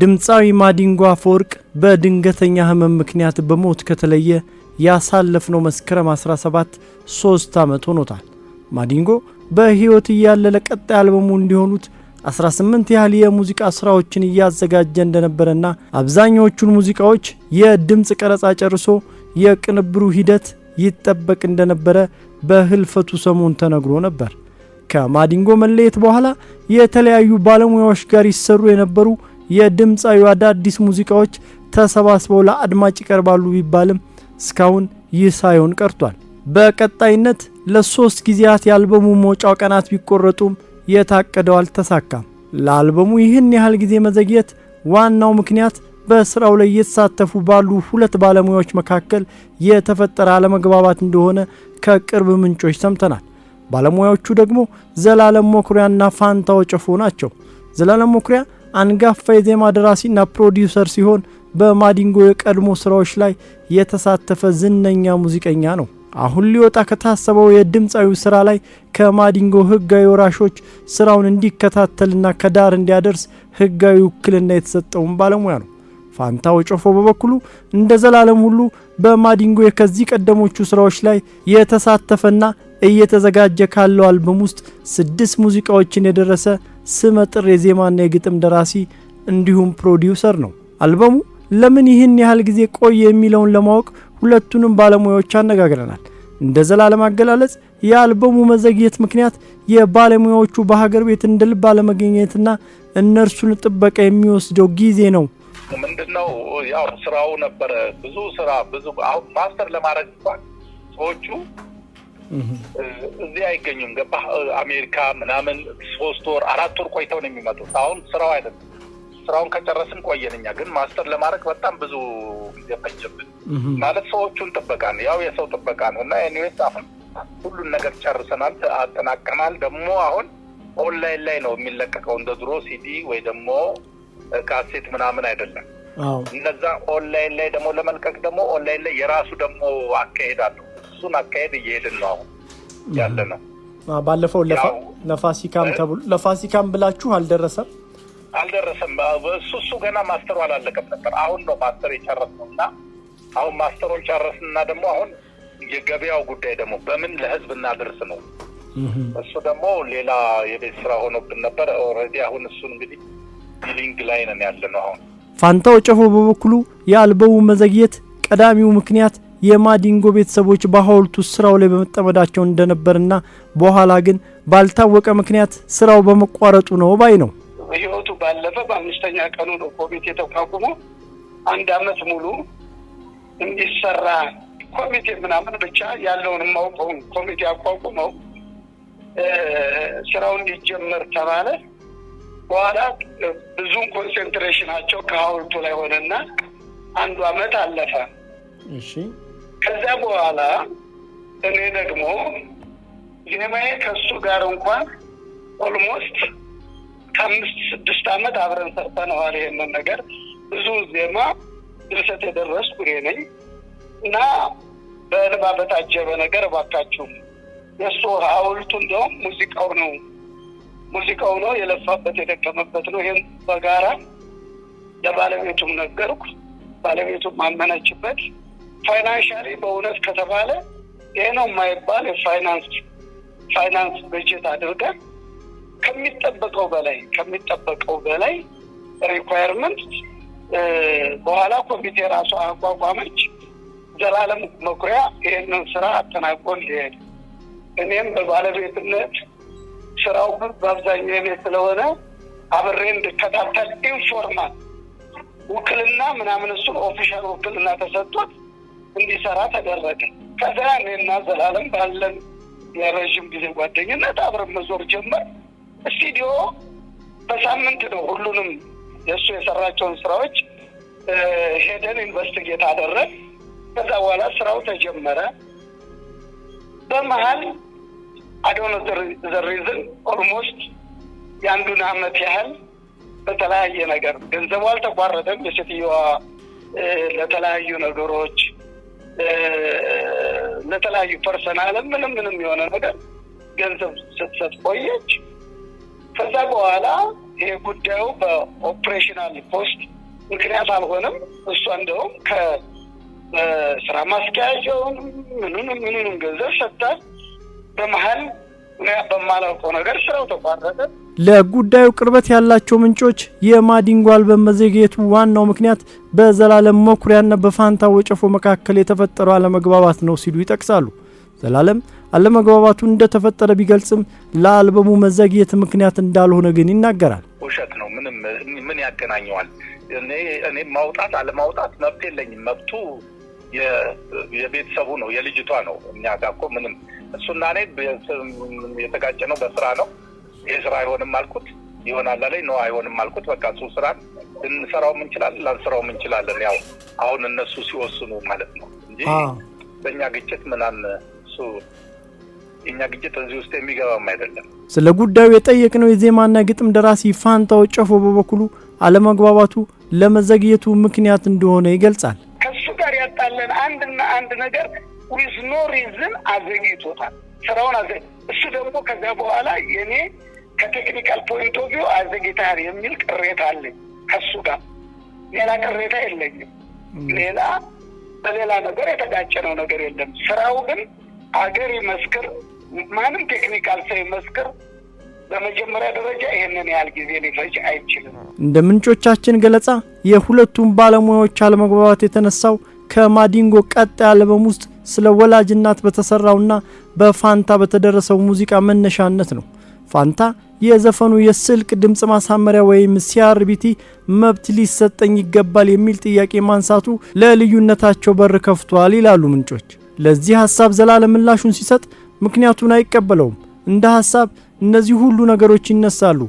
ድምፃዊ ማዲንጎ አፈወርቅ በድንገተኛ ህመም ምክንያት በሞት ከተለየ ያሳለፍነው መስከረም 17 3 ዓመት ሆኖታል። ማዲንጎ በሕይወት እያለ ለቀጣይ አልበሙ እንዲሆኑት 18 ያህል የሙዚቃ ሥራዎችን እያዘጋጀ እንደነበረና አብዛኛዎቹን ሙዚቃዎች የድምፅ ቀረጻ ጨርሶ የቅንብሩ ሂደት ይጠበቅ እንደነበረ በህልፈቱ ሰሞን ተነግሮ ነበር። ከማዲንጎ መለየት በኋላ የተለያዩ ባለሙያዎች ጋር ይሰሩ የነበሩ የድምፃዊ አዳዲስ ሙዚቃዎች ተሰባስበው ለአድማጭ ይቀርባሉ ቢባልም እስካሁን ይህ ሳይሆን ቀርቷል። በቀጣይነት ለሶስት ጊዜያት የአልበሙ መውጫው ቀናት ቢቆረጡም የታቀደው አልተሳካም። ለአልበሙ ይህን ያህል ጊዜ መዘግየት ዋናው ምክንያት በስራው ላይ እየተሳተፉ ባሉ ሁለት ባለሙያዎች መካከል የተፈጠረ አለመግባባት እንደሆነ ከቅርብ ምንጮች ሰምተናል። ባለሙያዎቹ ደግሞ ዘላለም መኩሪያና ፋንታ ወጨፎ ናቸው። ዘላለም መኩሪያ አንጋፋ የዜማ ደራሲና ፕሮዲውሰር ሲሆን በማዲንጎ የቀድሞ ስራዎች ላይ የተሳተፈ ዝነኛ ሙዚቀኛ ነው። አሁን ሊወጣ ከታሰበው የድምፃዊ ስራ ላይ ከማዲንጎ ህጋዊ ወራሾች ስራውን እንዲከታተልና ከዳር እንዲያደርስ ህጋዊ ውክልና የተሰጠውን ባለሙያ ነው። ፋንታው ጮፎ በበኩሉ እንደ ዘላለም ሁሉ በማዲንጎ የከዚህ ቀደሞቹ ስራዎች ላይ የተሳተፈና እየተዘጋጀ ካለው አልበም ውስጥ ስድስት ሙዚቃዎችን የደረሰ ስመጥር የዜማና የግጥም ደራሲ እንዲሁም ፕሮዲውሰር ነው። አልበሙ ለምን ይህን ያህል ጊዜ ቆየ የሚለውን ለማወቅ ሁለቱንም ባለሙያዎች አነጋግረናል። እንደ ዘላለም አገላለጽ የአልበሙ መዘግየት ምክንያት የባለሙያዎቹ በሀገር ቤት እንደ ልብ አለመገኘትና እነርሱን ጥበቃ የሚወስደው ጊዜ ነው። ምንድነው ያው ስራው ነበረ ብዙ ስራ ብዙ አሁን ማስተር ለማድረግ እንኳን ሰዎቹ እዚህ አይገኙም። ገባ አሜሪካ ምናምን ሶስት ወር አራት ወር ቆይተው ነው የሚመጡት። አሁን ስራው አይደለም። ስራውን ከጨረስን ቆየንኛ ግን ማስተር ለማድረግ በጣም ብዙ ጊዜ ፈጀብን። ማለት ሰዎቹን ጥበቃ ነው፣ ያው የሰው ጥበቃ ነው። እና ኒዌስ አሁን ሁሉን ነገር ጨርሰናል፣ አጠናቀናል። ደግሞ አሁን ኦንላይን ላይ ነው የሚለቀቀው። እንደ ድሮ ሲዲ ወይ ደግሞ ካሴት ምናምን አይደለም። እነዛ ኦንላይን ላይ ደግሞ ለመልቀቅ ደግሞ ኦንላይን ላይ የራሱ ደግሞ አካሄዳለሁ እሱን አካሄድ እየሄድን ነው አሁን ያለ ነው። ባለፈው ለፋሲካም ተብሎ ለፋሲካም ብላችሁ አልደረሰም አልደረሰም። እሱ እሱ ገና ማስተሩ አላለቀም ነበር። አሁን ነው ማስተር የጨረስነው እና አሁን ማስተሩን ጨረስንና ደግሞ አሁን የገበያው ጉዳይ ደግሞ በምን ለህዝብ እናደርስ ነው። እሱ ደግሞ ሌላ የቤት ስራ ሆኖብን ነበር። ኦልሬዲ አሁን እሱን እንግዲህ ዲሊንግ ላይ ነን ያለ ነው አሁን። ፋንታው ጨፎ በበኩሉ የአልበሙ መዘግየት ቀዳሚው ምክንያት የማዲንጎ ቤተሰቦች በሐውልቱ ስራው ላይ በመጠመዳቸው እንደነበርና በኋላ ግን ባልታወቀ ምክንያት ስራው በመቋረጡ ነው ባይ ነው። ህይወቱ ባለፈ በአምስተኛ ቀኑ ነው ኮሚቴ ተቋቁሞ አንድ አመት ሙሉ እንዲሰራ ኮሚቴ ምናምን ብቻ ያለውን ማውቀውን ኮሚቴ አቋቁመው ስራው እንዲጀመር ተባለ። በኋላ ብዙም ኮንሴንትሬሽናቸው ከሀውልቱ ላይ ሆነና አንዱ አመት አለፈ። እሺ ከዛ በኋላ እኔ ደግሞ ዜማዬ ከሱ ጋር እንኳን ኦልሞስት ከአምስት ስድስት ዓመት አብረን ሰርተነዋል። ይሄንን ነገር ብዙ ዜማ ድርሰት የደረስኩ እኔ ነኝ እና በእንባ በታጀበ ነገር እባካችሁ የእሱ ሐውልቱ እንደውም ሙዚቃው ነው ሙዚቃው ነው የለፋበት የደከመበት ነው። ይህም በጋራ ለባለቤቱም ነገርኩ። ባለቤቱም አመነችበት። ፋይናንሻሊ በእውነት ከተባለ ይህ ነው የማይባል የፋይናንስ ፋይናንስ በጀት አድርገን ከሚጠበቀው በላይ ከሚጠበቀው በላይ ሪኳየርመንት በኋላ ኮሚቴ ራሱ አቋቋመች። ዘላለም መኩሪያ ይህንን ስራ አጠናቆ ሊሄድ እኔም በባለቤትነት ስራው በአብዛኛው የኔ ስለሆነ አብሬ እንድከታተል ኢንፎርማል ውክልና ምናምን እሱን ኦፊሻል ውክልና ተሰጥቶት እንዲሰራ ተደረገ። ከዛ እኔና ዘላለም ባለን የረዥም ጊዜ ጓደኝነት አብረን መዞር ጀመር። ስቱዲዮ በሳምንት ነው ሁሉንም የእሱ የሰራቸውን ስራዎች ሄደን ኢንቨስቲጌት አደረግ። ከዛ በኋላ ስራው ተጀመረ። በመሀል አዶነ ዘሪዝን ኦልሞስት የአንዱን አመት ያህል በተለያየ ነገር ገንዘቡ አልተቋረጠም። የሴትዮዋ ለተለያዩ ነገሮች ለተለያዩ ፐርሰናልም ምንም ምንም የሆነ ነገር ገንዘብ ስትሰጥ ቆየች። ከዛ በኋላ ይሄ ጉዳዩ በኦፕሬሽናል ፖስት ምክንያት አልሆነም። እሷ እንደውም ከስራ ማስኪያጀውን ምኑንም ምኑንም ገንዘብ ሰጥታል በመሀል በማላውቀው ነገር ስራው ተቋረጠ። ለጉዳዩ ቅርበት ያላቸው ምንጮች የማዲንጎ አልበም መዘግየቱ ዋናው ምክንያት በዘላለም መኩሪያና በፋንታ ወጨፎ መካከል የተፈጠረው አለመግባባት ነው ሲሉ ይጠቅሳሉ። ዘላለም አለመግባባቱ እንደተፈጠረ ቢገልጽም ለአልበሙ መዘግየት ምክንያት እንዳልሆነ ግን ይናገራል። ውሸት ነው። ምንም ምን ያገናኘዋል? እኔ ማውጣት አለማውጣት መብት የለኝም። መብቱ የቤተሰቡ ነው፣ የልጅቷ ነው። እኛ ጋር እኮ ምንም እሱና እኔ የተጋጨ ነው በስራ ነው። ይህ ስራ አይሆንም አልኩት። ይሆናል ላይ ነው አይሆንም አልኩት። በቃ እሱ ስራ ልንሰራውም እንችላለን ላንሰራውም እንችላለን። ያው አሁን እነሱ ሲወስኑ ማለት ነው እንጂ በእኛ ግጭት ምናምን እሱ የኛ ግጭት እዚህ ውስጥ የሚገባም አይደለም። ስለ ጉዳዩ የጠየቅነው የዜማና ግጥም ደራሲ ፋንታው ጨፎ በበኩሉ አለመግባባቱ ለመዘግየቱ ምክንያት እንደሆነ ይገልጻል። ከሱ ጋር ያጣለን አንድና አንድ ነገር ዊዝ ኖ ሪዝን አዘግይቶታል፣ ስራውን አዘ እሱ ደግሞ ከዚያ በኋላ የኔ ከቴክኒካል ፖይንት ኦፍ ቪው የሚል ቅሬታ አለኝ ከሱ ጋር። ሌላ ቅሬታ የለኝም። ሌላ በሌላ ነገር የተጋጨነው ነገር የለም። ስራው ግን አገር ይመስክር ማንም ቴክኒካል ሰው ይመስክር በመጀመሪያ ደረጃ ይህንን ያህል ጊዜ ሊፈጅ አይችልም። እንደ ምንጮቻችን ገለጻ የሁለቱም ባለሙያዎች አለመግባባት የተነሳው ከማዲንጎ ቀጣይ አልበም ውስጥ ስለ ወላጅ እናት በተሰራውና በፋንታ በተደረሰው ሙዚቃ መነሻነት ነው። ፋንታ የዘፈኑ የስልክ ድምፅ ማሳመሪያ ወይም ሲአርቢቲ መብት ሊሰጠኝ ይገባል የሚል ጥያቄ ማንሳቱ ለልዩነታቸው በር ከፍቷል ይላሉ ምንጮች። ለዚህ ሐሳብ ዘላለም ምላሹን ሲሰጥ ምክንያቱን አይቀበለውም። እንደ ሐሳብ እነዚህ ሁሉ ነገሮች ይነሳሉ፣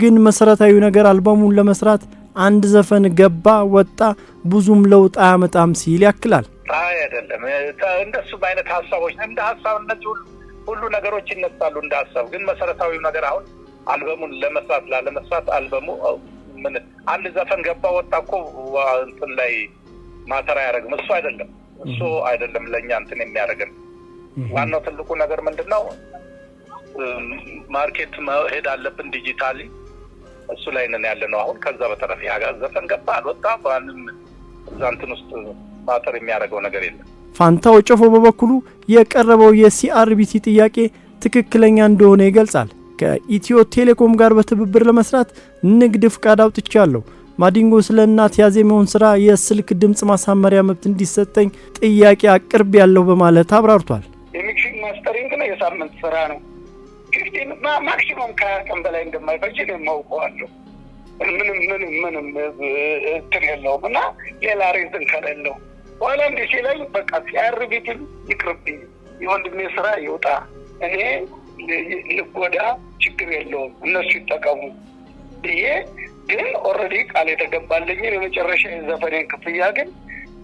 ግን መሰረታዊ ነገር አልበሙን ለመስራት አንድ ዘፈን ገባ ወጣ ብዙም ለውጥ አያመጣም ሲል ያክላል። ፀሐይ አይደለም እንደሱ አይነት ሀሳቦች እንደ ሀሳብ እነዚህ ሁሉ ነገሮች ይነሳሉ። እንደ ሀሳብ ግን መሰረታዊው ነገር አሁን አልበሙን ለመስራት ላለመስራት አልበሙ ምን አንድ ዘፈን ገባ ወጣ እኮ እንትን ላይ ማተር ያደረግም እሱ አይደለም እሱ አይደለም ለእኛ እንትን የሚያደርግን ዋናው ትልቁ ነገር ምንድን ነው? ማርኬት መሄድ አለብን ዲጂታሊ። እሱ ላይ ነን ያለ ነው አሁን። ከዛ በተረፈ ዘፈን ገባ አልወጣ በአንም እዛንትን ውስጥ ማተር የሚያደርገው ነገር የለም። ፋንታው ጮፎ በበኩሉ የቀረበው የሲአርቢሲ ጥያቄ ትክክለኛ እንደሆነ ይገልጻል። ከኢትዮ ቴሌኮም ጋር በትብብር ለመስራት ንግድ ፍቃድ አውጥቻለሁ። ማዲንጎ ስለ እናት ያዜመውን ስራ የስልክ ድምፅ ማሳመሪያ መብት እንዲሰጠኝ ጥያቄ አቅርብ ያለው በማለት አብራርቷል። የሚክሽን ማስተሪንግ ነው፣ የሳምንት ስራ ነው። ማክሲመም ከሀያ ቀን በላይ እንደማይፈጅ የማውቀዋለሁ። ምንም ምንም ምንም እንትን የለውም እና ሌላ ሬዝን ከሌለው በኋላ እንዲህ ሲለኝ በቃ ሲያርቢትም ይቅርብኝ፣ የወንድሜ ስራ ይውጣ፣ እኔ ልጎዳ፣ ችግር የለውም እነሱ ይጠቀሙ ብዬ ግን ኦልሬዲ ቃል የተገባልኝን የመጨረሻ የዘፈኔን ክፍያ ግን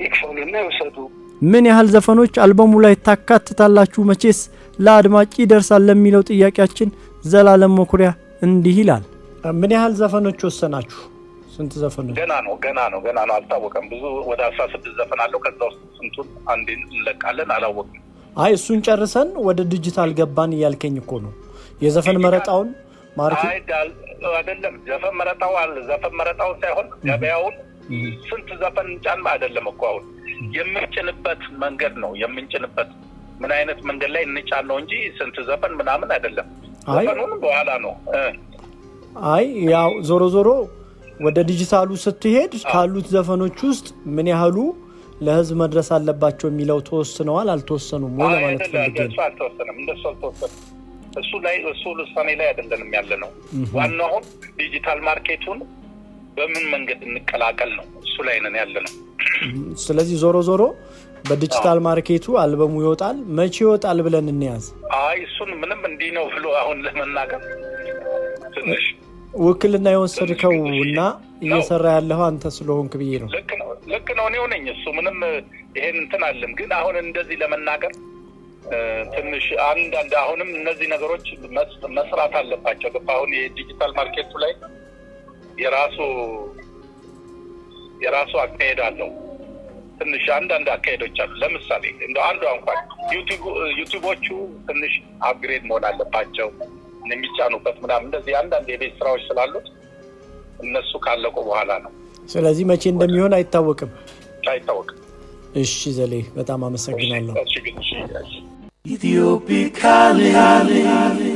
ይክፈሉና ይውሰዱ። ምን ያህል ዘፈኖች አልበሙ ላይ ታካትታላችሁ? መቼስ ለአድማጭ ይደርሳል ለሚለው ጥያቄያችን ዘላለም መኩሪያ እንዲህ ይላል። ምን ያህል ዘፈኖች ወሰናችሁ? ስንት ዘፈን ገና ነው ገና ነው ገና ነው አልታወቀም። ብዙ ወደ አስራ ስድስት ዘፈን አለው። ከዛ ውስጥ ስንቱን አንዴ እንለቃለን አላወቅም። አይ እሱን ጨርሰን ወደ ዲጂታል ገባን እያልከኝ እኮ ነው የዘፈን መረጣውን ማርክ አይደለም ዘፈን መረጣው አለ ዘፈን መረጣው ሳይሆን ገበያውን ስንት ዘፈን እንጫን አይደለም እኮ አሁን የምንጭንበት መንገድ ነው የምንጭንበት ምን አይነት መንገድ ላይ እንጫን ነው እንጂ ስንት ዘፈን ምናምን አይደለም። ዘፈኑን በኋላ ነው። አይ ያው ዞሮ ዞሮ ወደ ዲጂታሉ ስትሄድ ካሉት ዘፈኖች ውስጥ ምን ያህሉ ለህዝብ መድረስ አለባቸው የሚለው ተወስነዋል አልተወሰኑም ወይ ለማለት ፈልጌ እንደሱ እሱ ላይ እሱ ውሳኔ ላይ አይደለንም ያለ ነው። ዋናው አሁን ዲጂታል ማርኬቱን በምን መንገድ እንቀላቀል ነው፣ እሱ ላይ ነን ያለ ነው። ስለዚህ ዞሮ ዞሮ በዲጂታል ማርኬቱ አልበሙ ይወጣል። መቼ ይወጣል ብለን እንያዝ። አይ እሱን ምንም እንዲህ ነው ብሎ አሁን ለመናገር ትንሽ ውክልና የወሰድከው እና እየሰራ ያለው አንተ ስለሆንክ ብዬ ነው። ልክ ነው። እኔው ነኝ እሱ ምንም ይሄን እንትን አለም። ግን አሁን እንደዚህ ለመናገር ትንሽ አንዳንድ አሁንም እነዚህ ነገሮች መስራት አለባቸው። ገባ አሁን የዲጂታል ማርኬቱ ላይ የራሱ የራሱ አካሄድ አለው። ትንሽ አንዳንድ አካሄዶች አሉ። ለምሳሌ እንደ አንዷ እንኳን ዩቲዩቦቹ ትንሽ አፕግሬድ መሆን አለባቸው። የሚጫኑበት ምናምን እንደዚህ አንዳንድ የቤት ስራዎች ስላሉት እነሱ ካለቁ በኋላ ነው። ስለዚህ መቼ እንደሚሆን አይታወቅም አይታወቅም። እሺ ዘሌ በጣም አመሰግናለሁ። ኢትዮፒካሊ